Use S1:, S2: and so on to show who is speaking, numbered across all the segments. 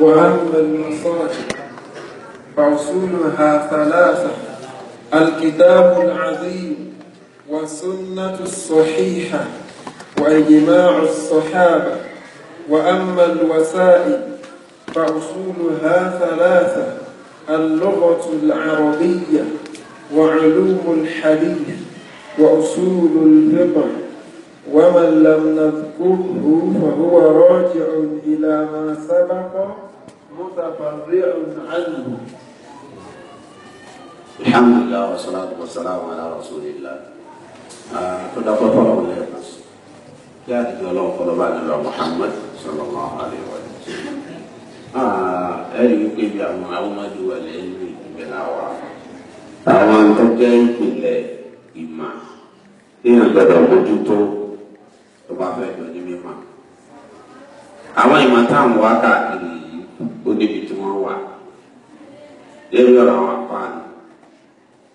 S1: وأما المصائب فأصولها ثلاثة الكتاب العظيم والسنة الصحيحة وإجماع الصحابة وأما الوسائل فأصولها ثلاثة اللغة العربية وعلوم الحديث وأصول الفقه ومن لم نذكره فهو راجع إلى ما سبق متفرع عنه الحمد لله والصلاة والسلام على رسول الله كنا قطعنا من الناس كانت الله قلوبنا محمد صلى الله عليه وسلم ẹ̀rí wípé bí àwọn ahọ́mọdé wà lẹ́yìn ìgbìmọ̀lá wa àwọn tó jẹ́ ìpìlẹ̀ ìmọ̀ ní tó bá fẹ́ jọ ní mímọ́. àwọn ìmọ̀ táwọn wá káàkiri yìí ó níbi tí wọ́n wà lórí ọ̀rọ̀ àwọn apáàni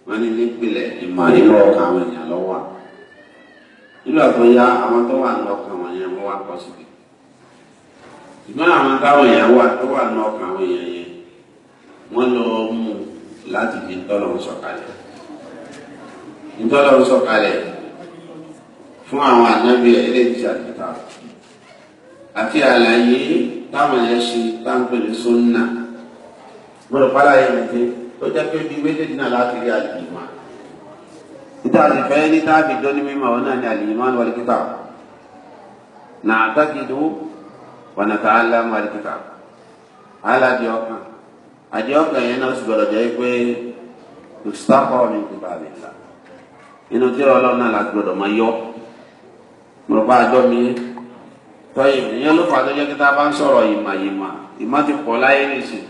S1: wọ́n ní nípìnlẹ̀ ìmọ̀ nínú ọkàn àwọn èèyàn lọ́wọ́ nígbà tó yá àwọn tó wà ní ọkàn wọn yẹn wọ́n wá pọ̀ síbi ṣùgbọ́n àwọn táwọn èèyàn wà tó wà ní ọkàn àwọn èèyàn yẹn wọ́n lọ mú láti fi tọ́lọ̀ ń sọ̀kalẹ̀ ń tọ́lọ̀ ń sọ̀kalẹ̀ fún àwọn ànábì ẹlẹ́yìí àdìgbà àti àlàyé táwọn ẹ̀ ṣe táǹpẹ̀lẹ̀ sọ́nà gbọ́dọ̀ pálá yẹn nìkan tó jẹ́ pé bí méjèèjì náà láti rí àlìmọ́ níta sì fẹ́ ní táàbì jọ ní mímọ́ ọ̀nà ní àlìmọ́ wal kitab na'taqidu wa nata'allamu wal kitab aládìí ọkàn àdìí ọkàn yẹn náà sì gbọ́dọ̀ jẹ́ pé ìsútàkọ́ ní ìgbà mi là inú tí ọlọ́run náà láti gbọ́dọ̀ máa yọ mọ̀lùpá àjọ mi tọ́yìn ìyẹn ló fàá tó jẹ́ kí tá a bá ń sọ̀rọ̀ ìmọ̀ ìmọ̀ ìmọ̀ ti pọ̀ láyé nìsín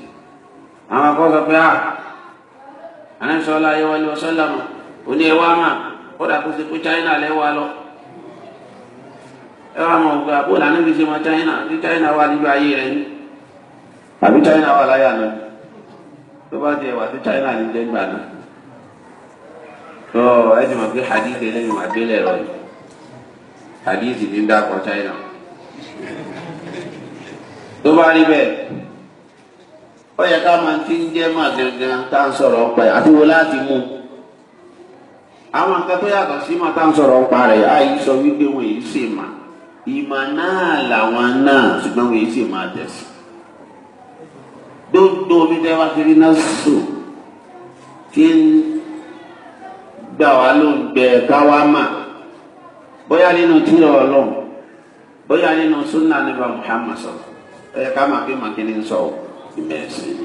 S1: àwọn akọ́sọ pé ah anáṣọ́lá ayé wọlé ọ̀sọ́lámù òní ẹ̀wá mà ó dà kó ṣe pé China lẹ́wà lọ ẹ̀wà mọ̀ ògbà bó lànà fi ṣe mọ China tí China wà níbi ayé rẹ̀ ní àbí China wà láyà náà tó bá di ẹ̀wà tí China ní jẹ́ náà tó ẹ̀ ti pé hadith eléyìí mà délẹ̀ yìí hadithi ní dàpọ̀ china tó bá rí bẹ́ẹ̀ ó yẹ ká máa ti ń jẹ́ máa gangan tá à ń sọ̀rọ̀ ọ̀pẹ àti wo láti mú àwọn nǹkan tó yàtọ̀ sí máa tá à ń sọ̀rọ̀ ọ̀pá rẹ̀ àyè sọ wípé wọn èyí sì mà ìmọ̀ náà làwọn náà ṣùgbọ́n wọn èyí sì máa gbogbo omi tẹ́ wá kiri náà sùn kí ń gbà wá ló ń gbẹ káwá máa. bóyá nínú tírà ọlọ́run bóyá nínú súnà nípa Muhammad sọ ẹ ká máa fi màkínní sọ ìmẹ̀sìn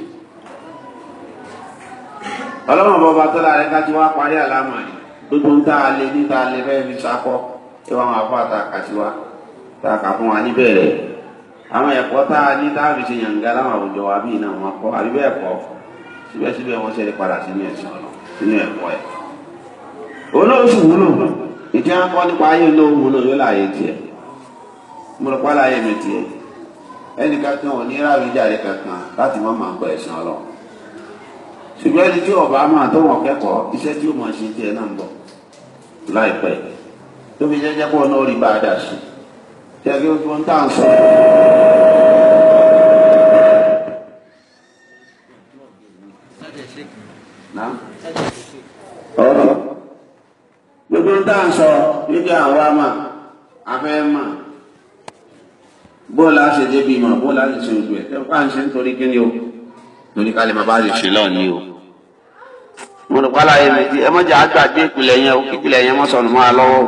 S1: ọlọ́run bọba tó lára ká tí wàá parí àlámà yìí gbogbo ń tá a lé ní tá a lé fi sakọ tí wọ́n máa fọ́ àtàkà sí wa tá a kà fún wa níbẹ̀rẹ̀ àwọn ẹ̀kọ́ a ìdí akọ nípa ayé olóhùn náà yóò láàyè tiẹ̀ mo rò pálá ayé mi tiẹ̀ ẹnì kankan ò ní ráàlú jáde kankan láti má máa gba ẹ̀sìn ọlọ ṣùgbọ́n ẹni tí ọba máa tó wọn kẹ́kọ̀ọ́ iṣẹ́ tí ó máa ṣe tiẹ̀ náà ń bọ̀ láìpẹ́ tó fi jẹ́jẹ́ pọ̀ náà rí bá a dà sí ṣẹ́gi ó tó ń tà ń sọ. gbogbo tá à ń sọ níbi àwa mà afẹ́ mà bóòlù á ṣe débi mà bóòlù á ṣe ṣe oṣù ẹ̀ tẹ́wọ́n à nítorí kí ni o torí ká lè máa bá ṣe ṣe náà ni o. mo rò pálá yẹn mi ẹ mọ̀jà á gbàgbé ìpìlẹ̀ yẹn o kí ìpìlẹ̀ yẹn mọ̀ sọ̀nù máa lọ́wọ́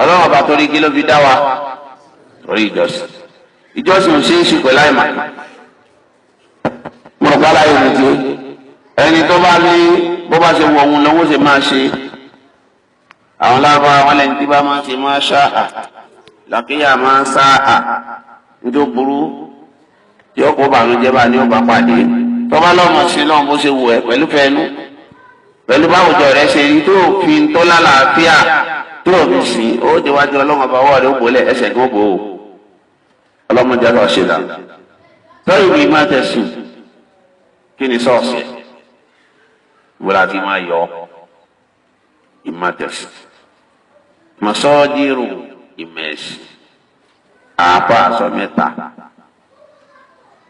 S1: ọlọ́run ọba torí kí ló fi dá wa torí ìjọsìn ìjọsìn ò ṣe é ṣe pẹ̀lú àìmọ̀ mo rò pálá yẹn mi ẹni tó bá ní bó bá ṣe wọ̀ òun àwọn lábá wọn lẹ́yìn tí bá máa ń ṣe máa ṣáà làkíyà máa ń ṣáà nítorí burú tí ó kó bànújẹ́ bá ní ọba pàdé tọ́ba lọ́mọ sí náà bó ṣe wù ẹ́ pẹ̀lú fẹ́nu pẹ̀lú báwùjọ rẹ ṣe rí tó fi ń tọ́lá làáfíà tó o fi sìn ó ti wájú ọlọ́mọ bá wọ́ọ̀rẹ́ ó bòólẹ̀ ẹsẹ̀ tó bò ó ọlọ́mọdé lọ ṣe là sọ́yìn bí má tẹ̀sùn kí ni sọ́ọ̀sì ìwúlá ti máa yọ ìmá tẹ̀sùn masọ́ọ́dírù ìmẹ̀ẹ̀sì àáfà sọ mẹ́ta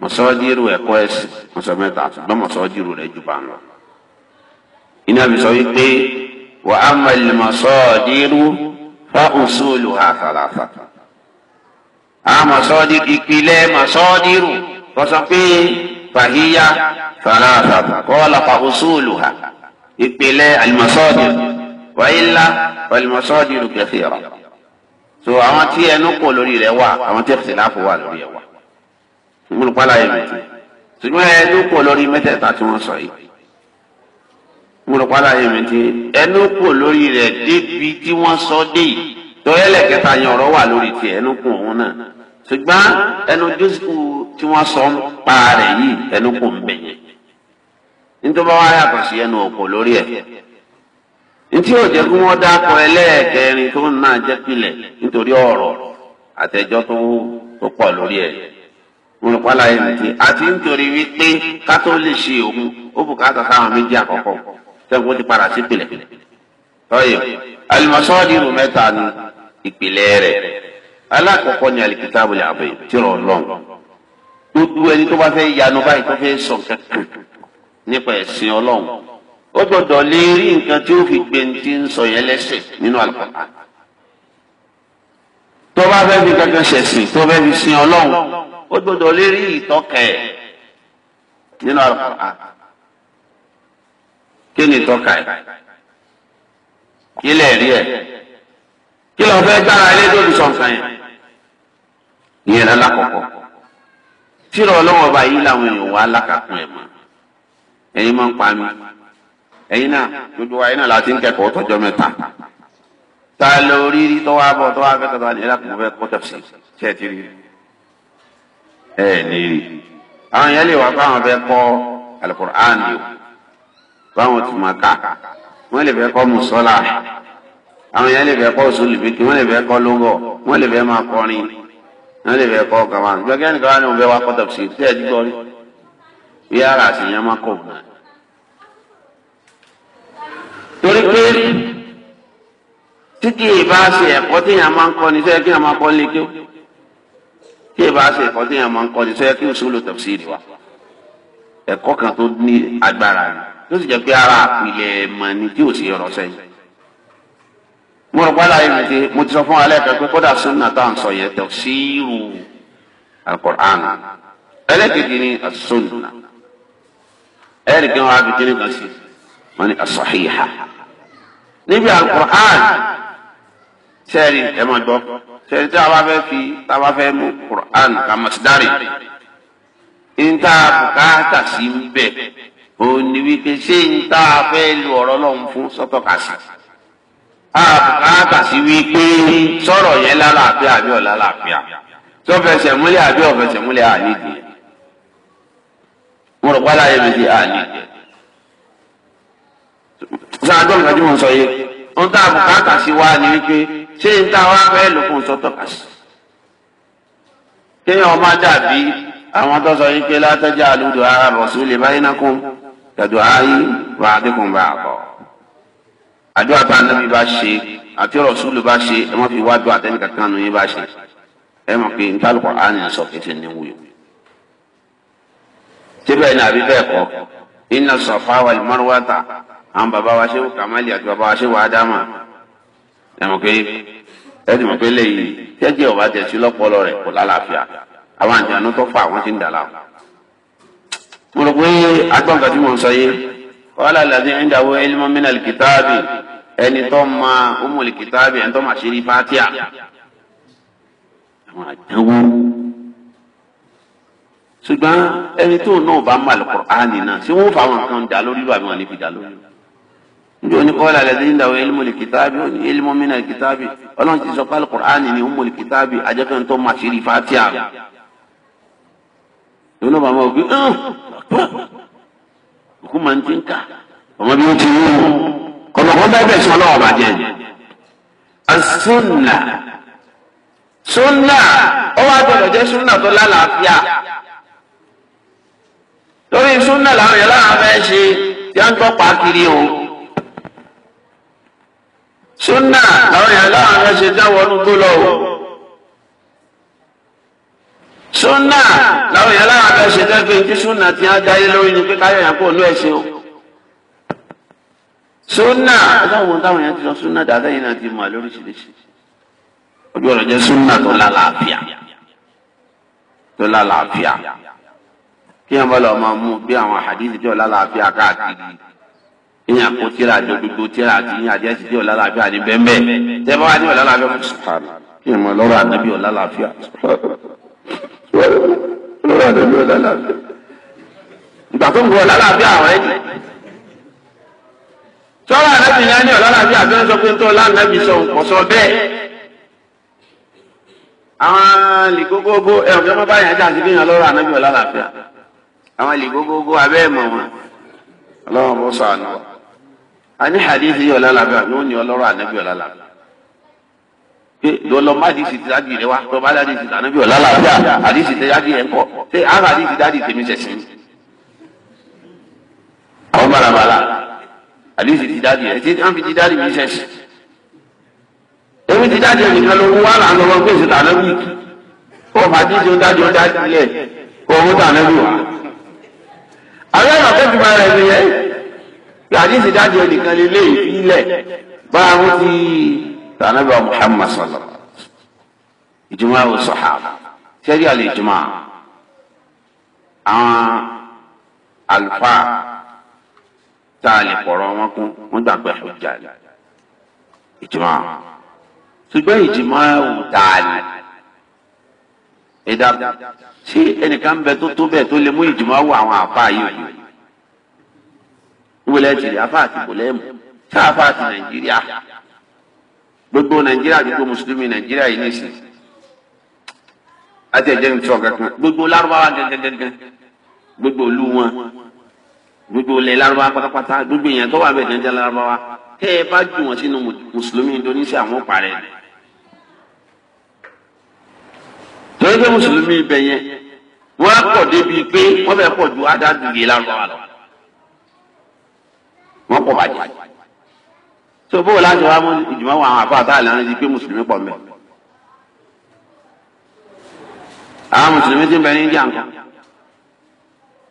S1: masọ́ọ́dírù ẹ̀kọ́ ẹ̀sì sọ mẹ́ta ṣùgbọ́n masọ́ọ́dírù rẹ̀ jù bá ń lọ. iná mi sọ wípé wà á mọ̀lẹ́ masọ́ọ́dírù fáwọn sóòlù àtàlàfà. a masọ́ọ́dírù ìpìlẹ̀ masọ́ọ́dírù kọ́sọ́ pé fàhíyá fàlàfà kọ́ọ̀lá fàwọn sóòlù ha ìpìlẹ̀ àlùmọ́sọ́ọ́dírù wàyílá wàlùmọ̀sọ́ọ̀dì rúkẹ́sì ọ̀rọ̀ so àwọn tí ẹnu kò lórí rẹ̀ wà àwọn tí ẹ̀fìsì láàfọ̀ wà lórí ẹ̀ wà múlùpàlà yẹn mẹ́tì ṣùgbọ́n ẹnu kò lórí mẹ́tẹ̀ẹ̀ta tí ẹnu kò lórí rẹ̀ débi tí wọ́n sọ dé yìí tọ́yẹ́lẹ̀ yẹn ọ̀rọ̀ wà lórí tiẹ̀ ẹnu kò òun náà ṣùgbọ́n ẹnu jósìkù tí wọ́n sọ ń pa rẹ̀ yìí ẹnu kò ń bẹ̀yẹn nítorí wọ́n yàtọ̀ sí ẹnu òkò lórí ẹ̀ ntí yóò jẹ́ kí wọ́n dákọ̀ ẹlẹ́ẹ̀kẹrin tó ń náà jẹ́ pilẹ̀ nítorí ọ̀rọ̀ àtẹ̀jọ́ tó tó pọ̀ lórí ẹ̀ wọn kọ́ láyé nìkí àti nítorí wípé kátó lè ṣe òun ó bùkátà sáwọn méjì àkọ́kọ́ tẹ́kun ti padà sí pilẹ̀ tọ́yẹ̀ alimọ̀sọ́ọ́dì irun mẹ́ta ni ìpìlẹ̀ rẹ̀ alákọ̀ọ́kọ́ ni alikitaabu yàgbé tìrọ̀ lọ́n gbogbo ẹni tó bá fẹ́ yanu báyìí tó fẹ́ sọ kankan nípa ẹ̀sìn ọlọ́run ó gbọ́dọ̀ lè rí nǹkan tí ó fi gbé ní ti ń sọ yẹn lẹ́sẹ̀ nínú àlùkọ́tà tó bá fẹ́ fi kankan ṣẹ̀sìn tó fẹ́ fi sin ọlọ́run ó gbọ́dọ̀ lè rí ìtọ́kẹ̀ nínú àlùkọ́tà kí ni ìtọ́ka ẹ̀ kí lè rí ẹ̀ kí lọ́ọ́ fẹ́ dára ilé tó ti sọ̀nsán yẹn ìyẹn lọ́la kọ̀kọ́ tí ìrọ̀lọ́wọ́ bá yí làwọn èèyàn wà lákàtún ẹ̀ mọ́ ẹ̀yin máa ń pa mí ẹ̀yin náà gbogbo wa ẹ̀yin náà láti ń kẹ́kọ̀ọ́ tọ́jọ́ mẹ́ta ta ló rí rí tọ́wọ́ abọ́ tọ́wọ́ akẹ́kọ̀ọ́ bá ní ẹ̀rọ kò fẹ́ kọ́ tẹ̀sí ṣe é ti rí ẹ̀ ní rí àwọn yẹn lè wá fáwọn fẹ́ kọ́ alukur'an yìí báwọn ti máa kà wọ́n lè fẹ́ kọ́ musola àwọn yẹn lè fẹ́ kọ́ sulubiki wọ́n lè fẹ́ kọ́ lóbọ̀ wọ́n lè fẹ́ máa kọrin wọ́n lè fẹ́ kọ́ kàmá gbẹ́gẹ́ nìkan wọn fẹ́ wá kọ́ tẹ̀sí ṣe é ti gbọ́ rí torí pé títí ìbá ṣe ẹ̀kọ́ tí yàn máa ń kọ́ ni sẹ́yìn kí yàn máa kọ́ lé kí ó tí ìbá ṣe ẹ̀kọ́ tí yàn máa ń kọ́ ni sẹ́yìn kí ó sólò tafsiri wa ẹ̀kọ́ kan tó ní agbára rẹ̀ tó sì jẹ́ pé ara àpilẹ̀ mọ̀ ni tí ò sí ọ̀rọ̀ sẹ́yìn. mo rò pálá yìí ti mo ti sọ fún alẹ́ kan pé kódà sunna tá à ń sọ yẹn tafsiru al-Qur'an ẹlẹ́kẹ̀kẹ̀ ni as-sunna ẹ̀rì kan wá fi kan sí i wọn ni asahiha níbi alukur'an sẹ́ẹ̀rì ẹ̀ máa gbọ́ sẹ́ẹ̀rì tí a bá fẹ́ fi tá a bá fẹ́ mú kur'an ká masidari níta bùkátà sí ń bẹ òní wípé ṣé níta fẹ́ lu ọ̀rọ̀ lọ́hùn fún sọ́tọ̀ka sí a bùkátà sí wípé sọ̀rọ̀ yẹn lálàáfíà àbí ọ̀la lálàáfíà tó múlẹ̀ àbí ọ̀fẹsẹ̀ múlẹ̀ àníjì mo pálá yẹn mi di àníjì sáájọ́ nǹkan tí mò ń sọ yìí ohun tá a bùkátà sí wa ni wípé ṣé n ta wá fẹ́ lò fún sọ́tọ̀ kà sí. kéèyàn má dàbí àwọn tó sọ yìí pé látẹ́jà àlùdò ara bọ̀ sí lè báyìí náà kún tẹ̀dọ̀ ayé wà á dínkù bá a bọ̀. àdúrà tá a bá ṣe àti ọ̀rọ̀ sùúlù bá ṣe ẹ má fi wá dùn àtẹnì kankan nù yín bá ṣe ẹ mọ̀ pé ntàlùkọ̀ á sọ kéṣe ní wuyò. síbẹ̀ ni àbí bẹ́ẹ̀ kọ́ inna safa wal marwata àwọn bàbá wa ṣe ń kàmáàlì àti bàbá wa ṣe wà á dámà ẹmọ pé ẹdùn mọ pé lẹ́yìn jẹjẹ ọba tẹsí lọpọlọ rẹ kò lálàáfíà àwọn àjànú tó fà wọn ti ń dàlà. mo rò pé agbọ́nkà tí mo ń sọ yé wàhálà làdí ẹ̀ńdà wo ẹlẹ́mọ́ mínà kìtàbì ẹni tó ma ọmọ kìtàbì ẹni tó ma ṣe ní fatia. àwọn àjẹwò ṣùgbọ́n ẹni tó náà bá ń malẹ̀ kọ́ náà ṣé wọ́n fa àwọn kan dà lórí lọ́wọ́ àbí wọn ní fi dà lórí lọ́wọ́ níbi oníkọ́lá lẹ́sìn ní ìdáwọ̀ ilmul kitabi ilmu minal kitabi ọlọ́run ti sọ pé alukur'an ni umul kitabi ajẹ́pẹ́ tó máa ṣe rí fatia. ìwé náà bàmọ́ ògbé òkú máa ń ti ń kà ọmọ bí wọ́n ti wú kọ̀lọ̀kọ̀ dábẹ̀ sọ ọlọ́wọ́ bàjẹ́ asúnà súnà ó wá gbọdọ̀ jẹ́ súnà tó lálàáfíà lórí súnà làwọn yẹn láwọn fẹ́ ṣe tí pàákiri o súnà làwọn èèyàn láwọn ọ̀rẹ́ ṣe dáwọ́ ọdún tó lọ o súnà làwọn èèyàn láwọn ọ̀rẹ́ ṣe dáwọ́ pé súnà tí a dáyé lórí ni pé káyọ̀ yẹn kò ní ẹ̀sìn o súnà táwọn táwọn èèyàn ti sọ súnà dáadáa yìí náà ti mọ̀ lóríṣiríṣi ojú ọ̀rọ̀ jẹ́ súnà tó lálàáfíà tó lálàáfíà kí ẹ̀ ń bọ́ lọ́ọ́ máa mú bí àwọn àdìsí tó lálàáfíà káàkiri ìyẹn àpò tíra àjọ gbogbo tíra àti ìyẹn àjẹ́ sì dé ọ̀la làáfíà ní bẹ́ẹ̀ tẹ́ bá wà ní ọ̀la làáfíà fún sùpàrù kí ìmọ̀ lọ́rọ̀ ànábì ọ̀la làáfíà lọ́rọ̀ ànábì ọ̀la làáfíà ìgbà tó ń gbọ́ ọ̀la làáfíà àwọn ẹ̀jẹ̀ tọ́lá ànábì náà ní ọ̀la làáfíà abẹ́rẹ́ sọ pé ń tọ́lá ànábì sọ nǹkan sọ bẹ́ẹ̀ àwọn lìgógógó ẹ̀rùn tó bá yàn jáde bí yàn lọ́rọ̀ ànábì ọ̀la làáfíà àwọn lìgógógó abẹ́ ẹ̀mọ̀ wọn ọlọ́run bó sọ àná wa a ní hadithi yóò lálàbíà ní ó ní ọlọ́rọ̀ ànábì ọ̀ lálàbíà pé lọ́lọ́ má di sìtì dájú rẹ wá lọ́ bá dájú sìtì ànábì ọ̀ lálàbíà àdìsì tẹ dájú yẹn kọ ṣé àwọn àdìsì dájú tèmi ṣẹ̀ṣin àwọn bàràbàrà àdìsì ti dájú yẹn ṣé wọ́n fi ti dájú mi ṣẹ̀ṣin èmi ti dájú yẹn nìkan ló wú wá làwọn ọmọ gbèsè tànábì kó o má díje dájú dájú yẹn kó o mú tànábì wá. àbẹ́ àkọ́kọ́ ti máa rẹ̀ nìyẹn pé àdìsí dájú ẹnìkan lè lé ìfilẹ̀ bá a wọ́n ti tànàbà Muhammad sọ̀rọ̀ ìjùmọ̀ àwọn sọ̀hábà sẹ́rí àlè ìjùmọ̀ àwọn àlùfáà tá a lè pọ̀rọ̀ wọn kún wọ́n gbà pé ọjà ìjùmọ̀ ṣùgbọ́n ìjùmọ̀ àwọn tá a lè ẹnìkan bẹ tó tó bẹ́ẹ̀ tó lè mú ìjùmọ̀ àwọn àfáà yìí ìwòlẹ̀ tìrì afá àti bòlẹ́mù ṣá afá àti nàìjíríà gbogbo nàìjíríà gbogbo mùsùlùmí nàìjíríà yìí nìsín àti ẹ̀jẹ̀ nìtọ́ kankan gbogbo lárúbáwá gẹ́gẹ́gẹ́gẹ́ gbogbo ìlú wọn gbogbo ilẹ̀ lárúbáwá pátápátá gbogbo èèyàn tó wà bẹ́ẹ̀ gẹ́gẹ́ lárúbáwá tẹ́ ẹ bá jù wọ́n sínú mùsùlùmí Indonesia àwọn parẹ́ rẹ̀ torí pé mùsùlùmí ibẹ̀ yẹn wọ́n á pọ̀ débi pé wọ́n fẹ́ pọ̀ ju adájú lárúbáwá lọ wọ́n pọ̀ bàjẹ́ so bó o láti wá mú ìjùmọ̀ wọn àwọn àfáà táàlì àwọn ẹni pé mùsùlùmí pọ̀ mẹ́ àwọn mùsùlùmí ti ń bẹ ní India nǹkan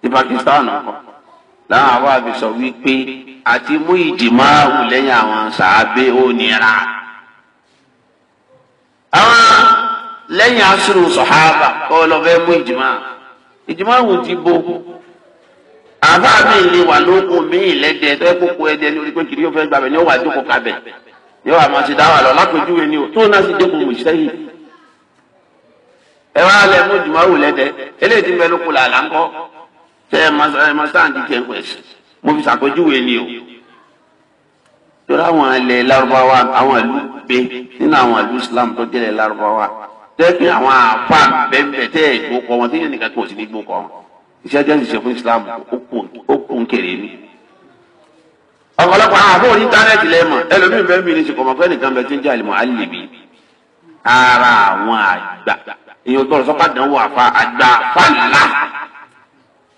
S1: ti Pakistan nǹkan láwọn àfáà fi sọ wípé àti mú ìjìmọ̀ àwù lẹ́yìn àwọn sàábé ó nira àwọn lẹ́yìn asúrù sọ̀hábà kọ́ ọ fẹ́ mú ìjìmọ̀ ìjìmọ̀ àwù ti bo àbá mi lè wà lóko míì lẹ́dẹ̀ẹ́ tó kó kó ẹdẹ lórí pé kìrìyó fẹ́ gbàbẹ̀ ni ó wà jókòó kabẹ̀ yóò wà máa ṣe dáwà lọ lápèjúwe ni o tó náà sì dẹ́kun mò sẹ́yìn. ẹ wá lẹ mú jùmọ̀wò lẹ́dẹ̀ eléyìí ti bẹ lóko làlá ńkọ́ ṣe ẹ máa sáǹdì tẹ̀ wẹ̀sì mo fi ṣàpèjúwe ni o. torí àwọn ilẹ̀ Lárúbáwá àwọn ìlú gbé nínú àwọn ìlú Islam tó jẹ́lẹ̀ Lárúbáwá jẹ́ kí àwọn àfa bẹ́ẹ̀ bẹ́ẹ̀ tẹ́ ìgbókọ̀ wọn tí yẹn iṣẹ́ jẹ́ ṣiṣẹ́ fún islam ó kún kéré ni. ọ̀pọ̀lọpọ̀ àwọn àbúrò íńtánẹ́ẹ̀tì lẹ́mọ̀ ẹlòmíín bẹ́ẹ̀ mi ní ṣe kọ̀mọ̀kọ́ ẹnìkan bẹ́ẹ̀ tí ń jẹ́ àlìmọ̀ alìbí ara àwọn àgbà èèyàn gbọ́dọ̀ sọ́pà dánwò àfa àgbà fàlà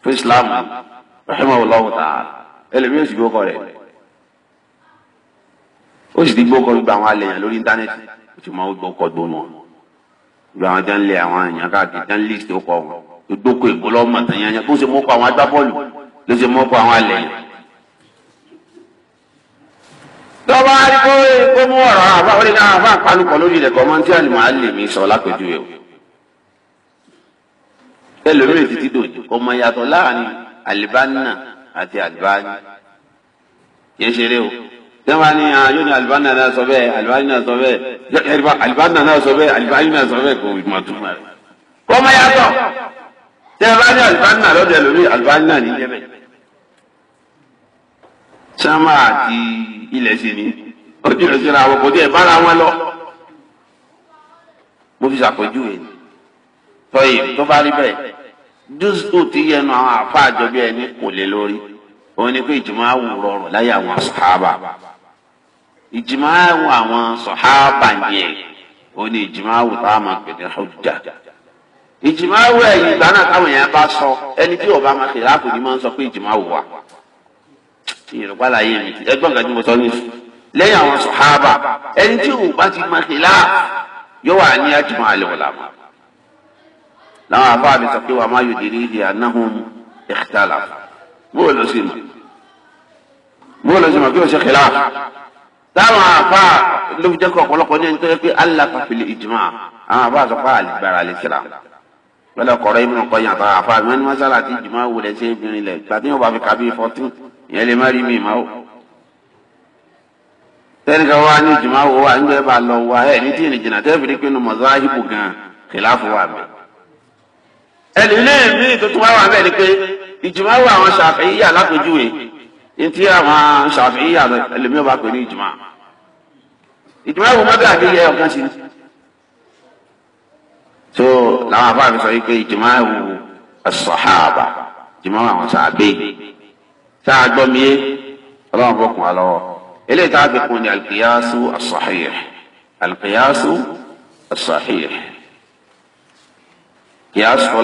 S1: fún islam rahimahullahu ta'ala ẹlòmíín sì gbókọ̀ rẹ̀ ó sì ti gbókọ̀ gbogbo àwọn alẹ́yìn lórí íńtánẹ́ẹ̀tì ó ti mọ gbókọ̀ gbónú gbogbo àwọn jẹ́ ń lé àwọn èèyàn káàkiri jẹ́ ń lé ìṣèkọ̀ wọn gbogbo ègbó lọ́mọ tẹ̀yẹ̀yẹ̀ tó ṣe mọ́ kọ́ àwọn agbábọ́ọ̀lù ló ṣe mọ́ kọ́ àwọn alẹ̀yìn. tọ́ba arígbó kó mú ọ̀rọ̀ àbá orí náà àbá àpalùkọ lórí rẹ̀ kọ́ mọ́ntí àlùmọ́ àlè mi sọ lápẹ̀jùwe o. ẹlòmíràn títí dòjò ọmọ yàtọ̀ láàrin àlìbánà àti àlìbánà kì í ṣeré o tẹ́wọ́n ah, yóò ní alibani náà sọ bẹ́ẹ̀ alibani náà sọ bẹ́ẹ̀ alibani náà sọ bẹ́ẹ̀ kò má tún tẹ ẹ bá ní alibanna lọ́dọ̀ ẹlòmíì alibanna ní jẹ́ bẹ́ẹ̀. sánmà àti ilẹ̀ sí ni ó jìnnà sí ra àwòkọ́ díẹ̀ bára wọn lọ. mo fi ṣàpèjúwe ni tọ́yì tó bá rí bẹ́ẹ̀ jùsù tí yẹnu àwọn àáfàá àjọbí ẹni kò lè lórí òun ni pé ìjùmọ̀ àwùrọ̀ rọ̀ láyé àwọn sàhábà ìjùmọ̀ àwọn sàhábà yẹn òun ni ìjùmọ̀ àwùrọ̀ àmọ̀ pẹ̀lú ọjà ìjìmáwò ẹ̀yìn ìgbà náà táwọn èèyàn bá sọ ẹni tí ọba máa tẹ̀lé àpò ní máa ń sọ pé ìjìmáwò wà ìrọ̀pá láyé mi ẹgbọ́n kan tí mo sọ ní lẹ́yìn àwọn sọ̀hábà ẹni tí òun bá ti máa tẹ̀lé yóò wà ní àjùmọ̀ àlẹ́ wọ̀lá mọ́ làwọn afáà mi sọ pé wàá má yòdì ní ìdí anáhùn ìkìtàlà bóòlù ló sì mọ̀ bóòlù ló sì mọ̀ kí o ṣe kìlá táwọn afáà ló fi jẹ́ kọ́ ní ẹni tó yẹ pé aláfàfẹ́lẹ̀ lọ́dọ̀ kọ̀rọ̀ ibùdó kọ́ yàn àtàwọn àfa àgbọn ní mọ́sálà àti ìjùmọ̀ wulẹ̀ ṣe é bìnrin lẹ̀ gbàtí yóò bá fi kàbí fọ́tún ìyẹn lè má rí mi ìmọ̀ o. tẹ́nìkan wá ní ìjùmọ̀ wo wà ń gbẹ́ bá lọ wá ẹ̀ ní tí ìrìnjìnà tẹ́fìrí pinnu mọ̀sáhìbù gan kìláàfù wà mí. ẹnì ilé mi tuntun wá wà bẹ́ẹ̀ ni pé ìjùmọ̀ wo àwọn ṣàfihàn alápèjúwe etí àwọn ṣàfihàn ẹlòmíọ̀ bá pè ní ìjùmọ̀ ìjùmọ̀ wo mọ́tò àdéyẹ ọ̀kan ṣe ni so làwọn afáàmì sọ wípé ìjìmọ àwù as-sahaba ìjìmọ àwọn sàbẹ tá a gbọ́ mié ọlọ́run bọ̀ kún wa lọ́wọ́ eléyìí tá a fi kún ní al-qiyasu as-sahih al-qiyasu as ṣe kìyàsù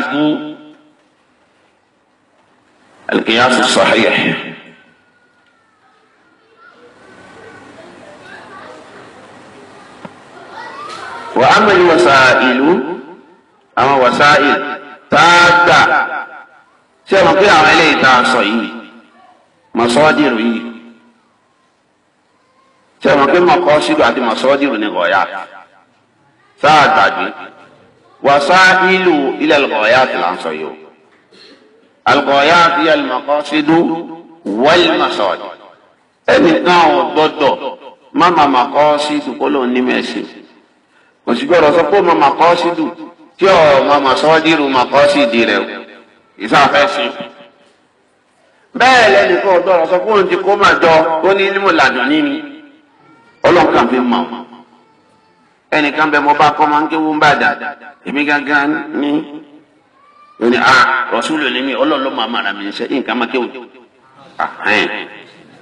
S1: ibú al-qiyasu wà á mẹ́rin wàsá ìlú àwọn wàsá ìlú tààtà ṣé o mọ̀ pé àwọn eléyìí tá a sọ yìí mọ̀sọ́dìrù yìí ṣé o mọ̀ pé mọ̀kọ́ sílùú àti mọ̀sọ́dìrù ni gọ̀ọ́yà tààtà bí wàsá ìlú ilẹ̀ gọ̀ọ́yà ti là sọ yìí o àlùgọ̀ọ́yà ti yẹ mọ̀kọ́ sílùú wọ́ọ̀lì mọ̀sọ́dì ẹnìkan ò gbọ́dọ̀ má màmá kọ́ sí ìdúkọ́ lóun ní òṣìgbọ́ ọ̀rọ̀ sọ pé ọmọ màkọ́sídù tí ọmọ màsọ́dírù màkọ́sídì rẹ̀ o ìsáfẹ́ sí. bẹ́ẹ̀ lẹ́nu kọ́ ọ̀dọ́ ọ̀rọ̀ sọ pé òun ti kó máa ó ní nímú làdùn níní ọlọ́ọ̀kan fi mọ̀ ẹnìkan bẹ mo bá kọ́ máa ń kéwú ń bàdà èmi gángan ní ó ní a ah, rọ̀ṣúlù ní mi ọlọ́ọ̀lọ́ máa mara mi ṣe nǹkan máa kéwú ah,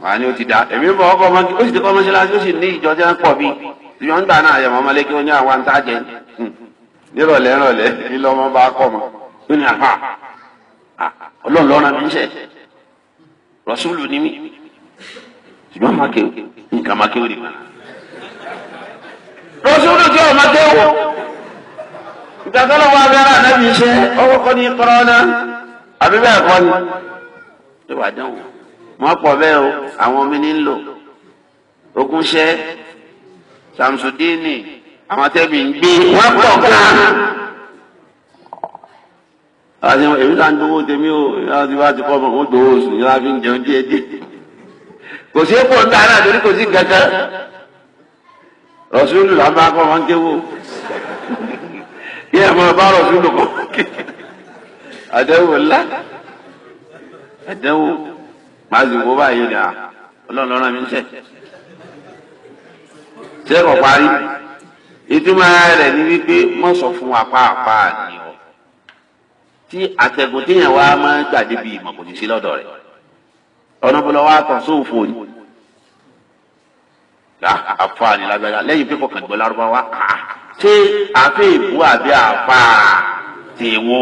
S1: wàá ní ó ti dá èmi bọ̀ ọkọ̀ máa ó sì ti kọ́ mọ́ṣáláṣí ó sì ní ìjọ ìyọ̀n gbà náà yẹ̀mọ́ ọmọlé kí wọ́n ní àwọn àǹtá jẹ hmm. nírọ̀lẹ́ nírọ̀lẹ́ nílọ́ ọmọ bá kọ́ mọ́ ó ní àhà ah, ọlọ́run na mi ń ní ṣùgbọ́n ànábì ṣe ní kọ́rọ́ náà wọ́n pọ̀ bẹ́ẹ̀ o àwọn omi ní ń lò samsudini àwọn tẹ́bi ń gbé wọ́n pọ̀ gan. àti èmi náà ń gbowó tèmi o ìyá ti wá ti fọ́ ọmọ òun gbowó oṣù ìyá fi ń jẹun díẹ̀ díẹ̀. kò sí èpò ńlá náà torí kò sí kankan. rọ̀ṣúlù là ń bá kọ́ wọn kéwò. yẹ́n mo bá rọ̀ṣúlù kọ́ àdéhùn ńlá àdéhùn máa zì wó báyìí ni à ọlọ́run lọ́rùn mi ń sẹ́ sẹ́kọ̀ parí ìtumọ̀ rẹ̀ ni wípé wọ́n sọ fún wa pàápà ni ọ tí àtẹ̀gùn téèyàn wá máa ń gbà débi ìmọ̀ kò ní sí lọ́dọ̀ rẹ̀ ọ̀nà bọ́lá wa tàn sóòfò ni àfa ni lágbára lẹ́yìn pé kọkàn gbọ́ lárúbáwá ah, ṣé àfẹ́ ìbú àbí àfa tèwo.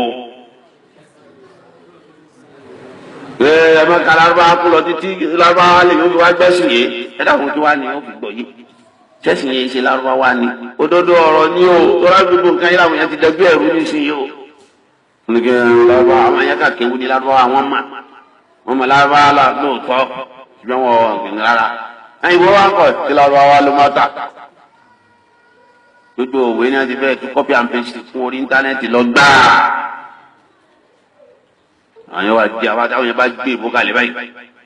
S1: ẹ ẹ mọ ká lárúbáwá kú lọ títí lárúbáwá lè ní ó fi wá gbẹ́sìn yìí ẹ dáhùn tí wàá ní ó fi gbọ́ yìí tẹ́sìn yẹn ṣe lárúbáwá ni òdodo ọ̀rọ̀ ni o tọ́lá gbogbo nǹkan yìí làwọn yẹn ti dẹgbẹ́ ẹ̀rú nísìnyí o. nìkẹ́ lárúbáwá àwọn yẹn kà kéwu ni lárúbáwá wọn mà wọn mọ lárúbáwá lóòótọ́ ṣùgbọ́n wọn ò gbìn rárá. ẹyin wọ́n wá ń kọ̀ sí lárúbáwá ló máa ta. gbogbo òwe ni wọ́n ti fẹ́ tún copy and paste fún orí íńtánẹ́ẹ̀tì lọ gbáà. àwọn yẹn wá di àwọn yẹn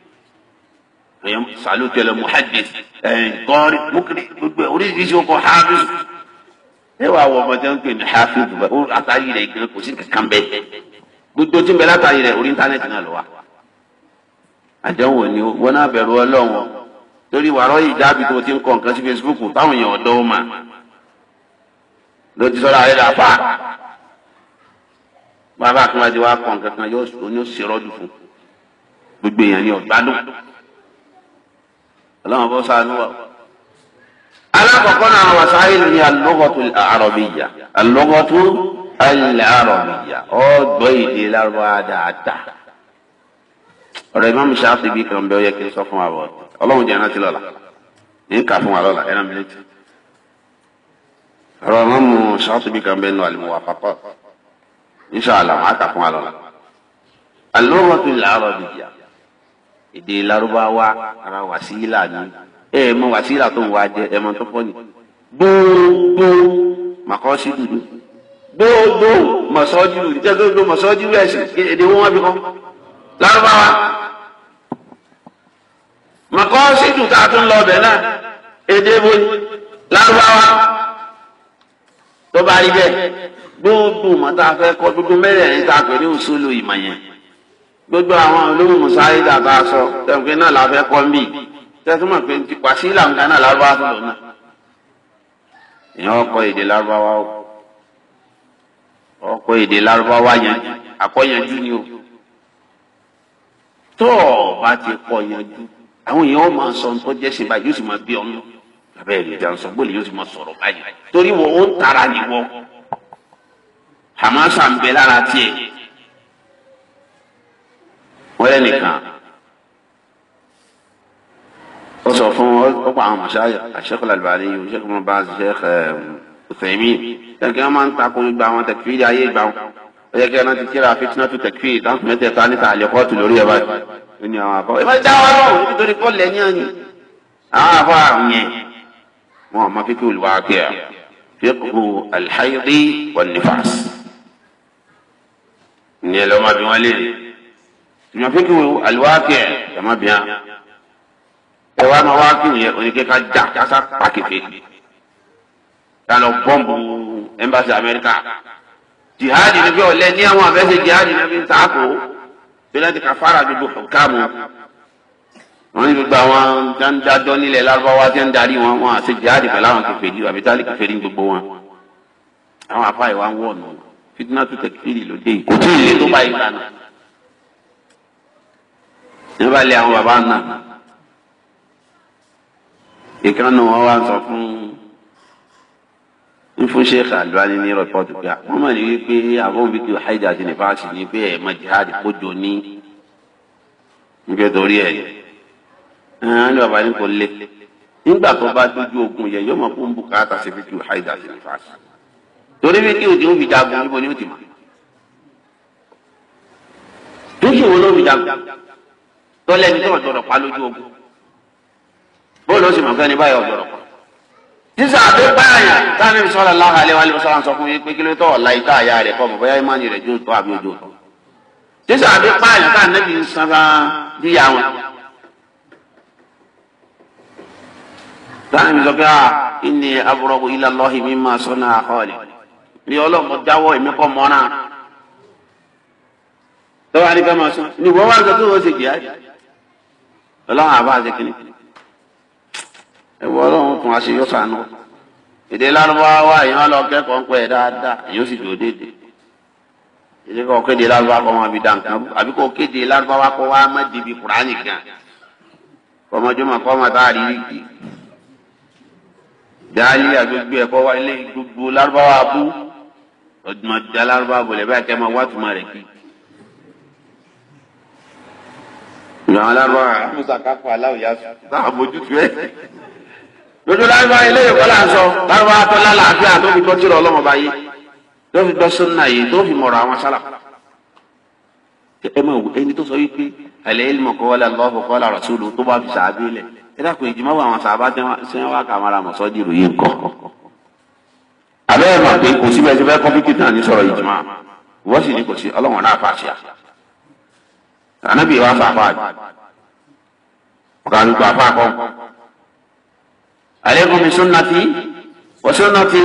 S1: èèyàn sàlùtì ẹlẹ muhaddis ẹyìn kọrin mukiri gbogbo oríṣiríṣi ọkọ hafiz ẹ wà wọ ọmọ tí wọn ń pè ní hafiz àtàrí rẹ ìgbìmọ̀ kò sí kankan bẹ́ẹ̀ gbogbo tí ń bẹ látàrí rẹ orí íńtánẹ́ẹ̀tì náà lọ wa. àjọwò ni wọn náà bẹ̀rù Ọlọ́run torí wàrọ yìí dábì tó ti ń kọ nǹkan sí Facebook táwọn èèyàn ọ̀dọ́ wọn mà ló ti sọ́ra rẹ̀ lápá bàbá àkànwájú wa kọ nǹkan kan yóò ṣèrọ́dù fún gbogbo èèyàn ní ọ̀gbádùn ọlọ́run bó sànú wa. alákọ̀ọ́kọ́ náà wà sáyẹ́lì ní alọ́gọ́tù àrọ̀bìyà alọ́gọ́tù àrọ̀bìyà ọ̀dọ́ ìdè lárúbáwá dáadáa. ọ̀rọ̀ ìmáàmù sáfì bí kan bẹ́ẹ̀ ó yẹ kí n sọ fún wa bọ̀ ọlọ́run jẹ́ rántí lọ́la ń kà fún wa lọ́la ẹ̀rọ mi létí. ọ̀rọ̀ ìmáàmù sáfì bí kan bẹ́ẹ̀ nù àlùmọ̀wà èdè Lárúbáwá ara wàsílà ni ẹ mọ wàsílà tó ń wá jẹ ẹ mọ tó pọ ni gbogbo màkọ́sí dùdú gbogbo mọ̀sọ́jú jẹ́ gbogbo mọ̀sọ́jú ẹ̀sìn èdè wọn bí kan Lárúbáwá màkọ́sí dùn tá a tún lọ ọbẹ̀ náà èdè bo Lárúbáwá tó bá rí bẹ́ẹ̀ gbogbo mọ̀tà fẹ́ kọ́ gbogbo mẹ́rẹ̀ẹ̀rin tá ní òṣòlò ìmọ̀ yẹn gbogbo àwọn olóhùn musaari dàbà sọ tẹ̀wọ̀n náà la fẹ́ kọ́ ń bì tẹ́tùmọ̀ pé wàsí làǹkà náà lárúbáwá tó lòun náà èèyàn ọkọ̀ èdè lárúbáwá o ọkọ̀ èdè lárúbáwá yẹn àkọ́yanjú ni o tó o bá ti kọ́ yanjú àwọn èèyàn máa sọ nǹkan jẹ́sìn báyìí yóò sì máa bí ọmọ abẹ́ rẹ̀ dá sọ gbọ́dọ̀ yóò sì máa sọ̀rọ̀ báyìí torí wọ́n ó tara nìwọ hamasa ń bẹ lára tiẹ̀ sẹ́nìkan ó sọ fún ọpọ àwọn mọṣáyà àṣẹkọ làlùbàdì yìí ṣẹkọ mọ bá ṣẹkọ ọsẹmí ṣẹkọ wọn máa ń takò gba àwọn tẹkifíìdì ayé ìgbà wọn ó yẹ kí wọn ti kíra fitinà tó tẹkifíìdì táwọn mẹ́tẹ̀ẹ̀ta níta àlẹkọọtù lórí ẹ báyìí ó ní àwọn àbọ ẹ má lọ nítorí kọ lẹ́yìn ọyìn àwọn àbọ àrùn yẹn wọn ọmọ fíkì olùwàkẹ́ fíkù alḥaydi wọn nífàs ìyẹn lọ́mọ bí wọ́n léèrè tùmọ̀fíkì àlùwákì ẹ̀ ẹ̀mọ́ bíà ẹ wá máa wákì yẹn oníkẹ́ ká já kásá pàkìfé ká lọ bọ́ǹbù ẹ̀mbàsì amẹ́ríkà jihadi ni bí ọ̀lẹ́ ní àwọn abẹ́sẹ̀ jihadi ni bí ń sàkó bílẹ̀ ti kàfàrà dúdú kàmú wọ́n ní gbogbo àwọn dáńdájọ́ nílẹ̀ lárúbáwá tí ń darí wọn wọn àti jihadi pẹ̀lú àwọn kẹfẹ́rí àbí tálí kẹfẹ́rí gbogbo wọn àwọn afáyẹ̀wá ń wọ̀ nù fitinatu tẹkiri lóde yìí kò tí ì lé tó báyìí lánàá ní bá lé àwọn bàbá náà ìkànnì wọn wá sọ fún ń fún sheikh Albani ní rẹpọtù pé àwọn ọmọ ní wípé àwọn òbí kí hajj àti nípaṣì ní pé ẹ̀ mọ jihad kójó ní nígbà torí ẹ̀ ẹ̀ ní bàbá ní kò lé nígbà tó bá dójú ogun yẹ yọmọ kó ń bùkátà sí fi kí hajj àti nípaṣì torí bí kí òdi òbí jagun níbo ni ó ti mọ dúkìá wo ló fi jagun tọ́lẹ́ni tó ọ̀dọ̀rọ̀ pa lójú ogun bóòlù ó sì mọ̀ fẹ́ ni báyọ̀ ọ̀dọ̀rọ̀ pa. sísá tó báyà táwọn ẹbí sọ́lá láha alẹ́ wa alẹ́ sọ́lá sọ fún mi pé kí ló tọ́ ọ̀la ìta àyà rẹ̀ kọ́ mọ̀ bóyá ìmánì rẹ̀ jó tọ́ àbí ojú ọ̀tọ̀. sísá tó báyà táwọn ẹbí sanra díyà wọn. táwọn ẹbí sọ pé ah inni abúrọ̀bù ilà lọ́hì mi máa sọ́nà àkọọ́lẹ̀ ni ọlọ́mọ jáwọ́ ìmẹ́kọ̀ mọ́ná. tọ́wọ́ ọlọ́run àbá àti kìnnì ẹwọ ọlọ́run tún aṣeyọ sànú èdè lárúbáwá èèyàn lọ kẹ́kọ̀ọ́ ń pẹ́ ẹ̀ dáadáa èèyàn sì dúró déédéé èdè kọ́ kéde lárúbáwá kọ́ wọn àbí dá nǹkan àbí kọ́ kéde lárúbáwá kọ́ wá má débi kùránì gan kọ́mọdúnmọ́ kọ́mọ tá a rí rí dáálí àgbègbè ẹ̀kọ́ wa ilé gbogbo lárúbáwá bú ọdún ọdún lárúbáwá bọ̀lẹ̀ báyìí kẹ́ máa wá tuma rẹ̀ kí. ìyàn alábàárà àmúṣà kápá aláwòyá náà mójútu ẹ lójú lárúbá eléyìí kọ́ láǹsọ lárúbá tó lálàáfíà tó fi gbọ́ tìrọ ọlọ́mọba yìí tó fi gbọ́ sunna yìí tó fi mọ̀rọ̀ àwọn sálà. ẹ mọ̀ ẹni tó sọ wípé àlẹ́ ìlú mọ̀kọ́ wọlé Allahu qala rasulu tó bá fi sàábí lẹ̀ ẹ dàpọ̀ ìjìmọ̀ wọ àwọn sàábà sẹ́yìn wá kà mara mọ̀sọ́ mọ̀ pé anabi wa fa fa ọkàn gba fa kọ alaikum bi sunnati wa sunnati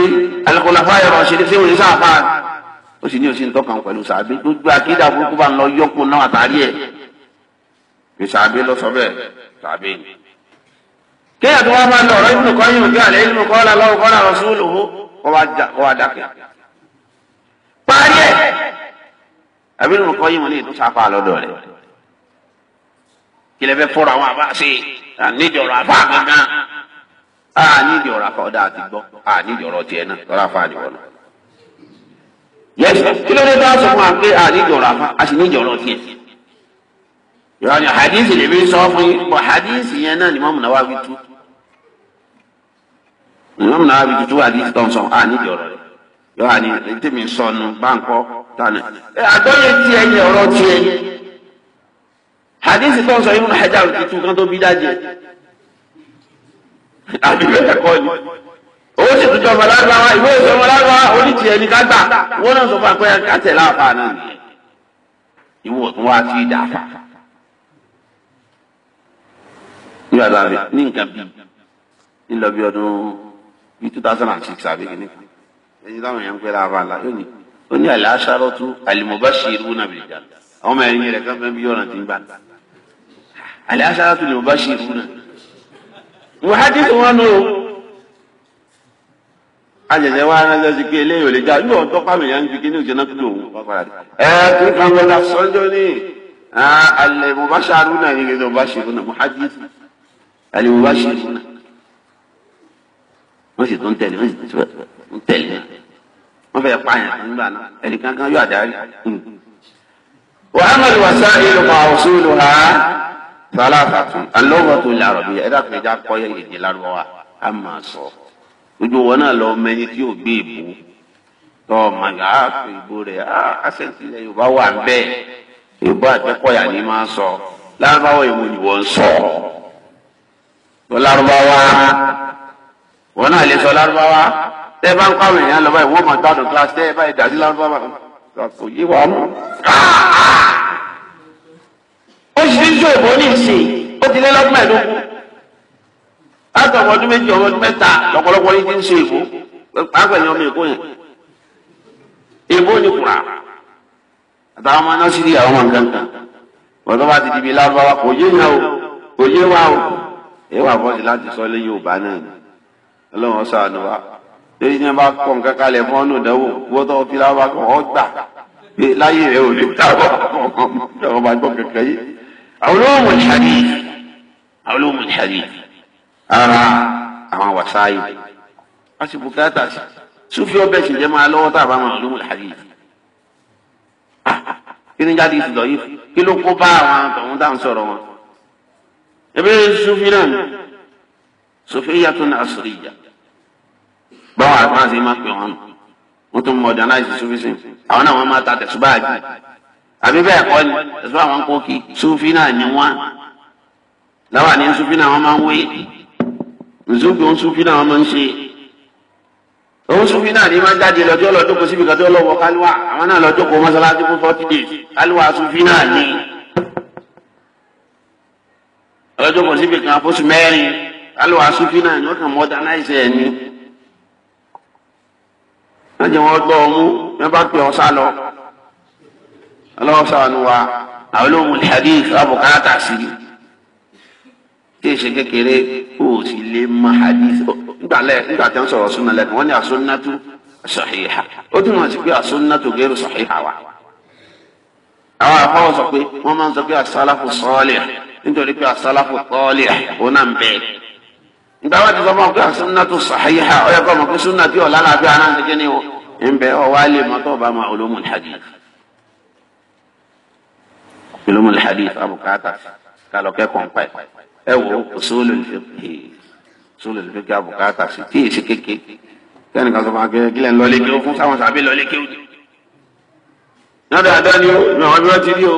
S1: al-khulafa ar-rashidin tí wọn sá fa ó sì ní òsì ń tọkàn pẹ̀lú sàbí gbogbo akéde àbúrúkú bá ń lọ yọkù náà àtàrí ẹ fi sàbí lọ sọ bẹ́ẹ̀ sàbí kéèyàn tó wá bá lọ ọ̀rọ̀ ìbùnú kọyìn òjò àlẹ ìbùnú kọlá lọ́wọ́ kọlá rasuluhu kọ wá dákẹ́ parí ẹ àbí ìbùnú kọyìn òní ìtúsáfà lọ́dọ̀ rẹ̀ kílẹ̀ fẹ́ fọ́ra àwọn àbá ṣe àníjọ̀rọ̀ àfa gangan àníjọ̀rọ̀ àfa ọ̀dà àti gbọ́ àníjọ̀rọ̀ tiẹ̀ náà tọ́lá àfa àníwọ̀n náà. yẹ́sì kí ló dé bá sọ fún wa pé àníjọ̀rọ̀ àfa a sì níjọ̀rọ̀ tiẹ̀. ìrọ̀lẹ́ hadith lè fi sọ fún yín bọ̀ hadith yẹn náà ni mọ́mù náà wá wí tú. mọ́mù náà wá wí tú hadith tó ń sọ àníjọ̀rọ̀ rẹ̀ yọ àní tèmi sọnù báńkọ́ tánà. àgbọ̀yé tiẹ̀ hadith tó ń sọ ibùn hajar tuntun kan tó bí dájẹ́ àbí bẹ́ẹ̀ kọ́ ni owó sì tún jọba lágbára ìwé ìsọmọ lágbára oníjìyẹ ní ká gbà wọn náà sọ fún apẹ́ kátẹ̀ láàfà náà ìwọ tún wá sí ìdáfà ní ọ̀dà rẹ̀ ní nǹkan bíi ńlọ bí ọdún bíi two thousand and six àbí kìíní kan ẹni táwọn èèyàn ń pẹ́ láàbà là yóò ní ó àlẹ́ aṣáró tú àlìmọ́bá ṣe irú nàbìjà àwọn ọmọ ẹ̀yìn rẹ̀ kan fẹ́ bí yọ̀ràn ti ń gbà al-asharatu al-mubashiruna wọ́n á dín fún wọn lọ. àjẹjẹ wa aránsẹ́ sí pé eléyìí ò lè já yóò tọ́ pàmìlíà ń fi kíní òjò náà kúlò òun pàpàrà rẹ̀. ẹ kí n kan lọ́la sọ́jọ́ ní al-mubashiruna ní gẹ́gẹ́ mubashiruna muhadithu al-mubashiruna wọ́n sì tún tẹ̀lé wọ́n sì tún tẹ̀lé wọ́n fẹ́ pààyàn nígbà náà ẹ̀rí kankan yóò àdáyé. wàhálà wàsá ìlú màá sálàtà tún alọ́wọ́tò làrọ̀bí ẹ̀dá kan ẹja kọ́ èdè lárúbáwá á máa sọ gbogbo wọn náà lọ mẹni tí ò gbé ìbò tọ màgà á fi ìbò rẹ á àṣẹǹtì ilẹ̀ yorùbá wà bẹ́ẹ̀ yorùbá àtẹkọyà ni máa sọ lárúbáwá ìwò ni wọn sọ lárúbáwá wọn náà lè sọ lárúbáwá tẹ bá ń kọ àwọn èèyàn lọ báyìí wọn máa gbádùn kíláàsì tẹ báyìí dàdí lárúbáwá ó sì ti ń jó ìbò ní ìsìn ó ti lé lọ́dún mẹ́ẹ̀ẹ́dógún látọ̀wọ́ ọdún méjì ọmọ ọdún mẹ́ta lọ́pọ̀lọpọ̀ yìí ti ń ṣe ìbò pàápàá ni ọmọ èkó yẹn ìbò ní kura àtàwọn ọmọ náà sì rí àwọn ọmọ nǹkan kan wọ́n tó bá ti di ibi lárúbáwá kò yé wa o kò yé wa o èyí wà fọ́ọ̀sì láti sọ lé Yorùbá náà ni ọlọ́run ọ̀sán àná wa lórí ní wọn bá kọ́ nǹkan kalẹ̀ fún ọ́nù ìdánwò wọ́n tó fi lárúbáwá kọ́ ọ́ gbà láyé rẹ̀ ò lè علوم الحديث علوم الحديث أرى أما وسائل أسي بكاتا شوف يوم بيش الجماعة لو طبعا علوم الحديث kini jáde ti lọ́yìn kí ló kó bá àwọn àtọ̀hún dáhùn sọ̀rọ̀ wọn. ebe sufi náà ni sufi yàtọ̀ ní asọ̀rọ̀ ìjà báwọn àfáàsì máa pè wọn wọn tún mọ̀ ọ̀dà láìsí sufi sìn àwọn náà wọn máa ta tẹ̀sùbáàjì àbí bẹ́ẹ̀ kọ́ ni ẹ̀sùn àwọn kókì sufi náà ni wọ́n láwa ní sufi náà wọ́n máa ń wé nzúbi òun sufi náà wọ́n máa ń ṣe òun sufi náà ni máa ń jáde lọ́jọ́ lọ́jọ́ kó síbi kan tó lọ́wọ́ kálíwà àwọn náà lọ́jọ́ kó mọ́sálásí fún forty days kálíwà sufi náà ni lọ́jọ́ kó síbi kan fóṣù mẹ́rin kálíwà sufi náà ni wọ́n kàn modernize ẹ̀ ni wọ́n jẹ́ wọ́n gbọ́ ọmú wọ́n bá pè ọ́ sá lọ ọlọ́wọ́ sàánú wa àwọn olóhùn hadith abùkátà sí i tí èsì kékeré kò sì lè mọ hadith nígbà lẹ nígbà tí wọ́n sọ̀rọ̀ súnà lẹ́kùn wọ́n ní àsúnnátú sàhíhà ó túnmọ̀ sí pé àsúnnátú gẹ́rù sàhíhà wa àwọn àfọwọ́ sọ pé wọ́n máa ń sọ pé àsálàfù sọ́ọ̀lìà nítorí pé àsálàfù tọ́ọ̀lìà òun náà ń bẹ̀. ìgbà wọn ti sọ fún ọ ìlúmọ̀ ìhàdí àbùkátà kálọ̀kẹ́ kọ̀ǹpa ẹ̀ ẹ wò ó sólù ìfẹ́ sólù ìfẹ́ kí àbùkátà sí tí èsì kéke kẹ́ni kan sọ fún akẹ́kẹ́ kílẹ̀ ń lọlé kéwú fún sáwọn sábẹ́ lọlé kéwú. lọ́dọ̀ àdá ni ó ní àwọn bí wọ́n ti rí o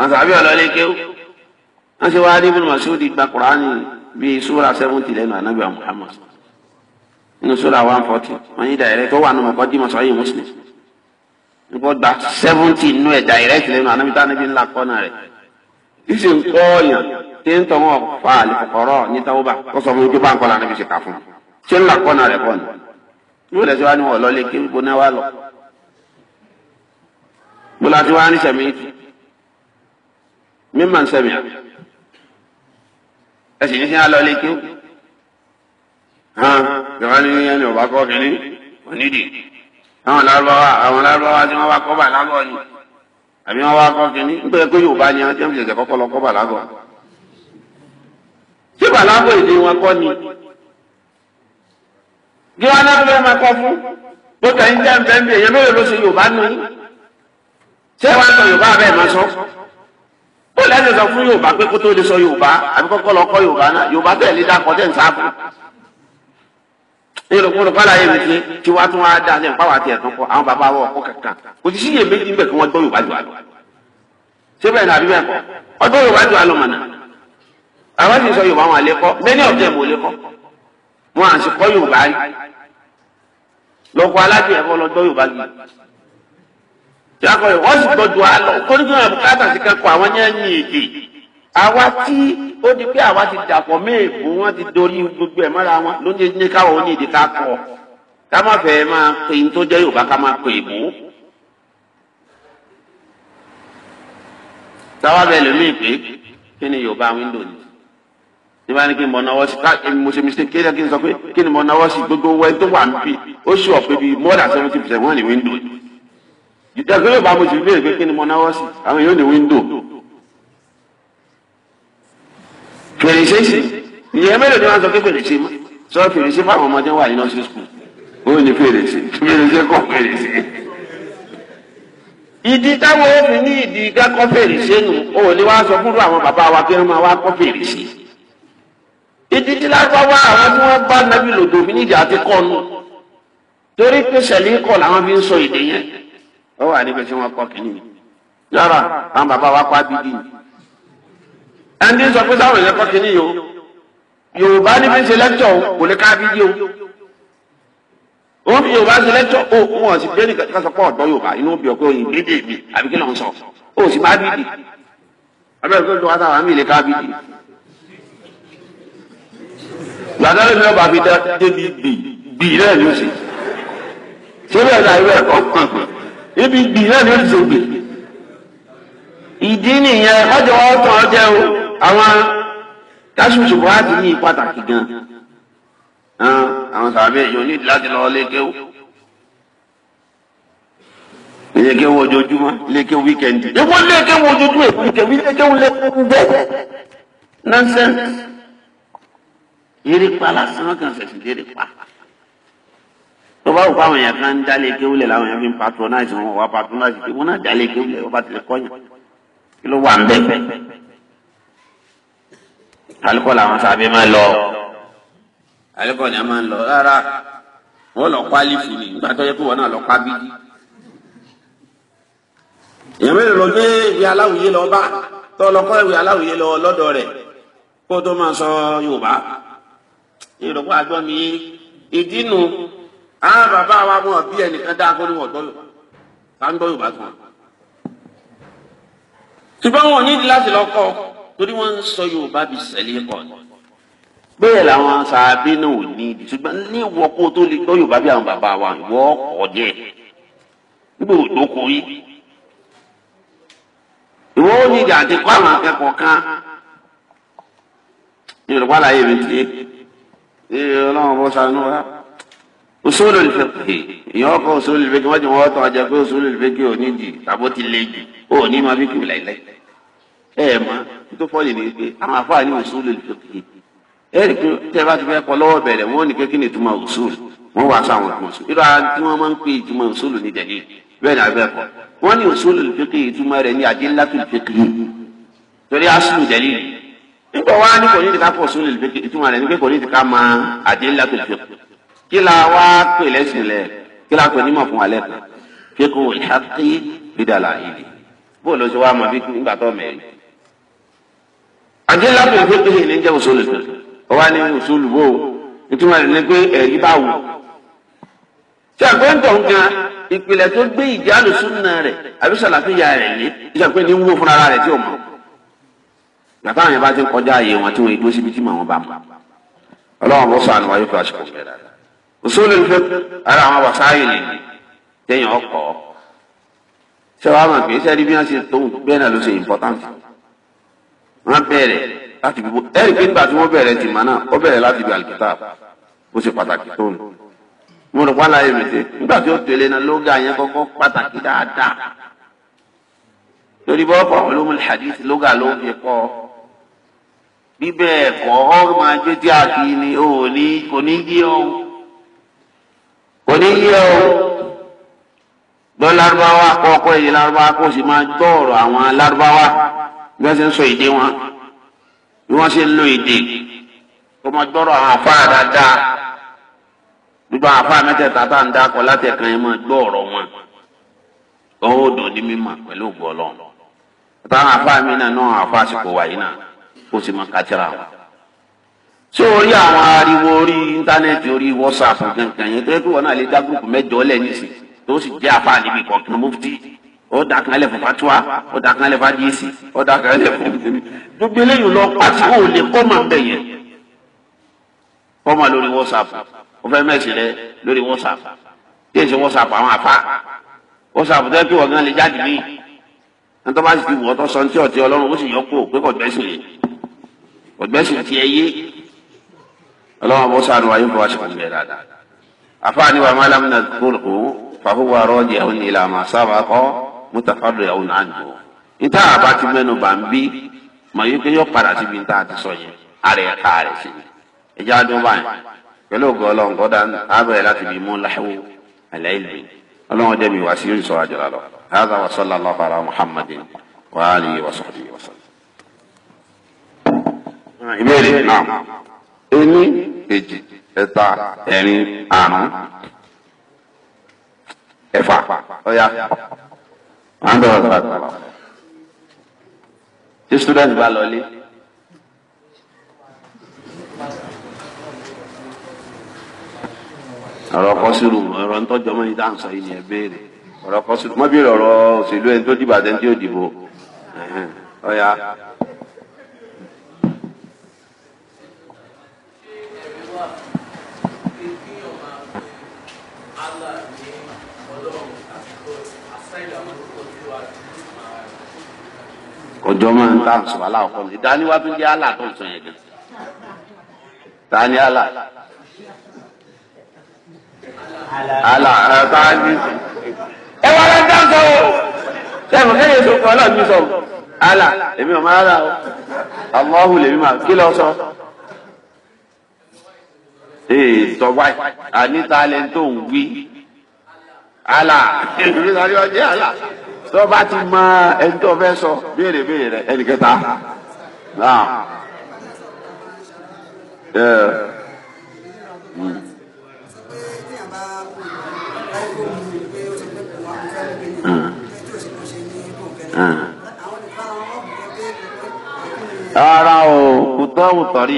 S1: àwọn sábẹ́ ọlọ́lé kéwú. wọ́n ṣe wáá níbi mọ̀síwòdì gba kùránì bíi súra sẹ́wọ́ntì lẹ́nu ànábìà Muhammad nínú súra one forty wọ́n yí dàrẹ́ tó wà nù mọ̀kọ́ dì mọ̀sọ́ yìí Muslim nípa gba seventy nínú ẹ̀ direct lẹ́nu ànábi tá ànábi ńlá kọ́nà rẹ̀ ìṣe nǹkọ́ ọ̀yàn tí ń tọ́ wọn fa àlùkọ̀rọ̀ ní tàwọ́bà ó sọ fún mi pé bá ń kọ́ la ànábi ṣe kà fún un ṣé ńlá kọ́nà rẹ̀ kọ́ ni yóò lẹ́sí wa ni wọ́n lọ lé kí gbóná wa lọ. mo láti wá ní sẹ̀mí mi máa ń sẹ̀mí ẹ sì ní sí alọ́ lé kí
S2: hàn gbẹ̀wá ní
S1: ẹni ọ̀bá kọ́ kínní onídìí àwọn lárúbáwá àwọn lárúbáwá tí wọ́n wá kọ́ bà lágọ̀ ni àbí wọ́n wá kọ́ kínní ń pẹ́ pé Yorùbá ni wọ́n ti ń fi ṣẹ̀ṣẹ̀ kọ́kọ́ lọ kọ́ bà lágọ̀. tí bà lágọ̀ èdè wọn kọ́ ni kí wọ́n náà fẹ́ máa kọ́ fún bó tẹ̀ ń jẹ́ ń bẹ́ẹ̀ bí èèyàn mélòó ló ṣe Yorùbá nù yín ṣé wàá sọ Yorùbá bẹ́ẹ̀ máa sọ bó lẹ́sẹ̀ sọ fún Yorùbá pé kó tó lè sọ Yorùbá àbí kọ́kọ́ lọ kọ́ Yorùbá náà Yorùbá tẹ̀lé tẹ̀ níròkúrò fàlàyé mi ti tí wàá tún wàá dá ní ọ̀pá wa tiẹ̀ tán kọ àwọn bàbá wa ọkọ kankan kò sí síyè méjì ń bẹ̀ kí wọ́n gbọ́ Yorùbá jù àlọ́ síbẹ̀ náà àbí bẹ́ẹ̀ kọ́ ọdún Yorùbá jù àlọ́ mana. àwọn sì sọ Yorùbá wọn àlẹ́ kọ́ many of them ò lè kọ́ wọn à sì kọ́ Yorùbá rí lọ́kọ́ alájẹ ẹ̀fọ́ lọ́jọ́ Yorùbá jù tí a kọ́ Yorùbá sì gbọ́ ju àlọ́ kó àwa tí ó di pé àwa ti dàpọ̀ méèbù wọn ti dorí gbogbo ẹ̀ mọ́ra wọn ló ti ní káwọn onídìí ká kọ ká má fẹ́ máa pe ní tó jẹ́ Yorùbá ká má pe èbú. táwa bẹ lómi pé kí ni Yorùbá wíńdò ni ní bá ní kí n mọ náwó sí ká mo ṣe mistake kéde kí n sọ pé kí n mọ náwó sí gbogbo owó tó wà níbí ó ṣù ọ̀ pé bíi more seventy percent wọ́n ní wíńdò. ìjọba Yorùbá mo ti béèrè pé kí ni mọ náwó sí àwọn èèyàn ní wíńdò. fèrèsé sí ìyẹn mélòó ni wọ́n sọ pé fèrèsé mọ́ sọ fèrèsé fáwọn ọmọdé wà ní nursery school ó ní fèrèsé fèrèsé kọ́ fèrèsé. ìdí táwọn òfin ní ìdí kákọ́ fèrèsé nù ó ní wàá sọ fúnra àwọn bàbá wa kí wọ́n máa wá kọ́ fèrèsé. ìdí tí lágbàwá àwọn tí wọ́n bá nábì lòdò mi níjà ti kọ́ nù torí pé sẹ̀lí kọ̀ làwọn fi ń sọ ìdè yẹn ó wà níbi tí wọ́n kọ́ kìnnìún. yàrá àwọn bàbá wa kọ́ abidjan ẹni sọ pé sáwọn èèyàn kọ́ kínní yìí o yorùbá níbi ń ṣe lẹ́tọ̀ o kò lè ká bí yé o wọ́n fi yorùbá ṣe lẹ́tọ̀ o wọ́n sì bí ẹnìkan kan sọ pé ọ̀dọ́ yorùbá inú bí ọkọ yìí bí dèbí àbí kí ló ń sọ o sì má bí dì abẹ́rẹ́ pé lọ́wọ́ sáwọn àmì lè ká bí dì gbàdúrà mi ọba fi débi bì bì náà ni ó ṣe ṣé bẹ́ẹ̀ náà ibẹ̀ kọ́ ibi bì náà ni ó ṣe gbè ìdí nìyẹn ọjọ́ ọ̀tún ọjọ́ o àwọn tásùsù bọ́ àti ní pàtàkì gan àwọn sàbẹ̀ yóò ní láti lọ lékéwò lékéwò ojoojúmọ́ lékéwò wíkẹ́ndì èwo lékéwò ojoojúmọ́ èwo wíkẹ́ndì lékéwò lékéwò bẹ́ẹ̀ nọ́nsẹ́nsì eré pa lásán kan ṣẹ̀ṣẹ̀ dé pa tó bá wù kó àwọn èèyàn kan ń dálé kéwúlẹ̀ làwọn èèyàn fi ń patronize wọn wà patronize kéwúlẹ̀ wọn náà dálé kéwúlẹ̀ wọn bá tilẹ̀ kọ́yàn kí ló wà ń bẹ́ẹ̀ bẹ́ẹ̀ alukọ làwọn sábẹ máa lọ alukọ ni a máa ń lọ rárá wọn lọ pa alifu ni nígbà tó yẹ kó wọn náà lọ pa bídí èèyàn mélòó lọ gbé ìwé aláwìyé lọ bá tọ́ lọ kọ́ ìwé aláwìyé lọ lọ́dọ̀ rẹ̀ kó tó máa sọ yorùbá yorùbá àgbọ̀n mi ìdínú àwọn bàbá wa mọ̀ bí ẹnìkan dá akọ́ni wọ̀ gbọ́ ká ń gbọ́ yorùbá tó ṣùgbọ́n wọn ò ní láti lọ kọ́ ọ torí wọ́n ń sọ yorùbá bíi sẹ́lẹ̀ kọ̀ ni
S2: bẹ́ẹ̀ làwọn sàábé náà
S1: ò ní ibi ṣùgbọ́n ní ìwọ kó tó lè gbọ́ yorùbá bí àwọn bàbá wa ìwọ ọkọ̀ díẹ̀ nígbà òjò kò rí ìwọ ó ní ìdí àti kọ́ àwọn akẹ́kọ̀ọ́ kan ní olùkọ́ àlàyé mi ti ẹ ọlọ́run bó sanú wa usulu al-fiqh ìyẹn ọkọ̀ usulu al-fiqh wọ́n jẹ́ wọ́n tọ́ ọjà pé usulu al-fiqh ò ní jì tàbó ti le jù ó ní ma fi kìlẹ̀ lẹ́yìn ẹ ẹ mọ tó fọ́ọ̀lì ni pé àwọn afáà ní òṣùlù ìfìkì ẹ rí pé tẹ bá ti fẹ́ kọ lọ́wọ́ bẹ̀rẹ̀ wọ́n ní kékin ní ìtumọ̀ òṣùlù wọ́n wá sáwọn ìtumọ̀ òṣùlù irú ara tí wọ́n máa ń pè ìtumọ̀ òṣùlù ní jẹ̀lẹ́ bẹ́ẹ̀ ni abẹ́ kọ wọ́n ní òṣùlù ìfìkì ìtumọ̀ rẹ̀ ní adillatu ìfìkì torí asùlù jẹ̀lẹ́ nígbà wá ní kò ní ti ká pọ̀ òṣùlù ìfìkì ìtumọ̀ rẹ̀ ní pé kò ní ti ká máa adillatu ìfìkì kí la wá pè lẹ́sìn lẹ̀ kí la pè nímọ̀ fún alẹ́ kan fíkù ìhàkí bídàlà ìdí bóòlù àdúrà tó ń pè é ní jẹ́ òṣòlù ọwọ́ ni òṣòlù bò ó ìtumọ̀ rẹ̀ ni pé ẹ̀rí bá wù. ṣàpẹ́ ń tọ̀hún kan ìpìlẹ̀ tó gbé ìjà lùsùnà rẹ̀ àbí sàlàfíà rẹ̀ ní ìṣàpẹ́ ní wúwo fúnra rẹ̀ tí ò mọ̀. bàbá àwọn yẹn bá ti ń kọjá ààyè wọn tí wọn ìdúró síbi tí màá wọn bá mọ̀. ọlọ́run bó sànù wáyé fún aṣọ ìbẹ̀rẹ̀ òṣòlù fẹ́ ara àwọn wàsáyè lè wọ́n bẹ̀rẹ̀ láti bí ẹ̀rí pé nígbà tí wọ́n bẹ̀rẹ̀ ti mọ̀ náà ó bẹ̀rẹ̀ láti bí alkitab ó ṣe pàtàkì tó nù. mo rò wá láyé mi ṣe nígbà tí ó tẹ̀lé náà lóga yẹn kọ́kọ́ pàtàkì dáadáa. lórí bọ́ọ̀fọ̀ ulumul hadith lóga ló fi kọ́ bíbẹ̀ ẹ̀kọ́ máa jó tí a kì í ni ò ní kò ní yé o kò ní yé o lọ lárúbáwá kọ́ ọkọ èyí lárúbáwá kó o sì máa gbọ́ ọ̀rọ̀ àwọn lárúbáwá. bí wọ́n ṣe ń sọ èdè wọn bí wọ́n ṣe ń lo èdè kó gbọ́rọ̀ àwọn àfáà dáadáa gbogbo àwọn àfáà mẹ́tẹ̀ẹ̀ta tá à ń dákọ̀ láti gbọ́ ọ̀rọ̀ wọn ọwọ́ òdò ní pẹ̀lú ògbọ́ ọlọ́run táwọn àfáà mi náà náà ariwo orí íńtánẹ́ẹ̀tì orí kankan yẹn tó yẹ kí wọ́n náà lè dá gúrùpù mẹ́jọ lẹ́ ó dà kan lẹ̀ fún fatuwa ó dà kan lẹ̀ fún adíyèsí ó dà kan lẹ̀ fún. gbogbo eléyìí lọ pàtí ó lè kọ́ máa ń bẹ̀ yẹn kọ́ máa lórí whatsapp ó fẹ́ mẹ́sì rẹ lórí whatsapp tí èsì whatsapp àwọn àfa whatsapp tẹ́ pé wọ́n gan lè jáde mí nítorí bá ti wọ́ tọ́ sọ ní tí ọ̀tí ọlọ́run ó sì yọ kó pé kọ̀gbẹ́sì rẹ̀ kọ̀gbẹ́sì tiẹ̀ yé ọlọ́run bó sáré wáyé bó wá sí ọ̀gbẹ́ dáadáa àfa ni wàá má lámìnà kúrò fàhùwà rọ́ọ̀jì ẹ̀hún ni ìlànà sábà kọ́ mutafardo yà wọn àná o níta àbá ti mẹ́nu bá ń bí màá yí pé yọ padà síbi níta àti sọ yẹn ara ẹ̀ ká rẹ̀ sí i ẹjẹ́ adùn báyìí pẹ̀lú ògùn ọlọ́run kọ́dà ábẹ̀rẹ̀ láti bí mú láhùn àlẹ́yìn ọlọ́run jẹ́ mi wá sí ìsọ̀ àjọlá lọ hàdà wà sọ́lá lọ́ba ara muhammadin wà á lè wà sọ́ọ́ lè wà sọ́ọ́. ìbéèrè náà ení èjì ẹ̀ta à ń dọ̀rọ̀ sàkàlà tí student bá lọlé. ọ̀rọ̀ kọ́sìrù ọ̀rọ̀ ntọ́jọ́ mọ́ ìdá àǹsọ̀ yìí ni ẹ béèrè ọ̀rọ̀ kọ́sìrù mọ́ bí ọ̀rọ̀ òṣèlú ẹni tó dìbò àtẹ́ntí ò dìbò ọ̀ya. ọjọ́ máa ń tàn sọ aláwọ̀kọ́ ní ìdániwá tó jẹ́ àlà tó ń sọ yẹn gan. tani àlà àlà àtà ní. ẹ wà lọ dá sọ o sẹ́wọ̀n kéde tó kọ́ ọlọ́ọ̀ni sọ o àlà èmi ò máa rà o àmọ́hùn lèmi máa kí lọ sọ. ee tọ́wáì àníta lẹ́ńtò ń wí àlà èmi sọ ni ọjọ́ àlà tó bá ti mọ ẹni tó fẹ́ sọ béèrè béèrè rẹ ẹnì kẹta náà ẹ ara o kùtọ́ òtọ́rí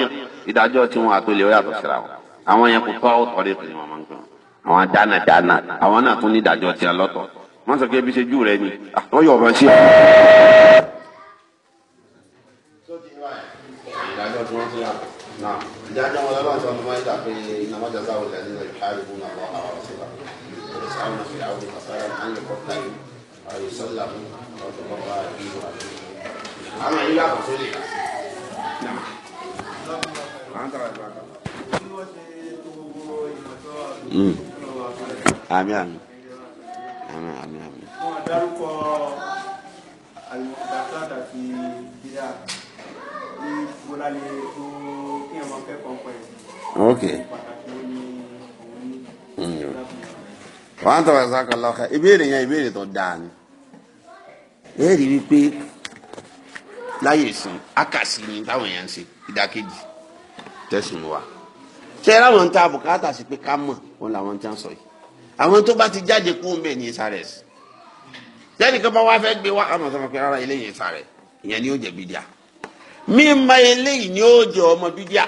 S1: ìdájọ́ tiwọn àtòlè ó yàtọ̀ síra wọn àwọn yẹn kùtọ́ òtọ́rí ni wọ́n máa ń gbọ́n àwọn dánadáná àwọn náà tún ní ìdájọ́ tiẹ̀ lọ́tọ̀ọ̀tọ̀ wọ́n sọ pé ebi ṣe jù rẹ ni ah, wọ́n yọ ọ̀bọ̀n sí ọ. ìdájọ́ tí wọ́n ti yà náà ìdájọ́ wọn lọ́wọ́ tí wọ́n ti máa ń dà pé ìnáwájà sáwọn ìlànà ìlànà ìhàlù fún àwọn àwọn ọ̀sẹ̀lá ìṣàwọn fi àwọn ìfàsára àwọn ìkọ̀tà yìí àyùsọ́là fún ọ̀dọ̀ bàbá ìlú àti àwọn ìlú àkọsọ lè kà sí. Àmín àmín àmín àmín àmín. wọn dárúkọ àlùmọ̀tàkà àti bídà ní bọ́láyé tó kí ẹ̀ máa fẹ́ kọ̀ọ̀kan ẹ̀. ok. pàtàkì ó ní òun ní. wọ́n á tọ́ka sáà kan lọ́kàn ìbéèrè yẹn ìbéèrè tó dáa ni. ẹ rí i pé láyé ìsìn àkàsí ni táwọn èèyàn ń ṣe ìdákejì tẹ̀sùn wa. ṣé láwọn ń ta bùkátà sí pé ká mọ̀ òun làwọn ń tẹ́ sọ yìí àwọn tó bá ti jáde kú mbẹ ní sáré sí jáde kan bá wá fẹ́ gbé wá àmọ́ sọmọ pé rárá eléyìí sáré ìyẹn ni ó jẹ bídíà mímọ eléyìí ni ó jẹ ọmọ bídíà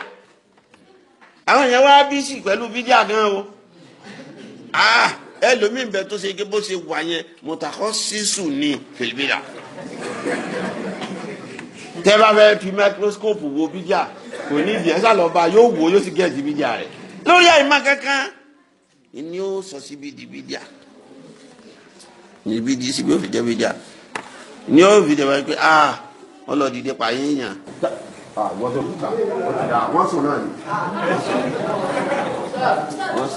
S1: àwọn yẹn wá bí sí pẹ̀lú bídíà gan o ah, ẹlòmíì bẹ tó ṣe bó ṣe wà yẹn mọ̀tàkọ́ sísù ní fìlìbídà tẹ́ fẹ́ fi microscope wo bídíà kò ní ìdí ẹ̀ sálọ́ba yóò wò yóò sì gẹ̀ẹ́sì bídíà rẹ̀ lórí àyè má kankan ni ó sọ síbi dìbìdíà níbi di síbi ó fi jẹ́ bìdíà ni ó fi jẹ́ pé ah ọlọ́dìdẹ pààyàn yàn. Ah, wọ́n sùn náà ni.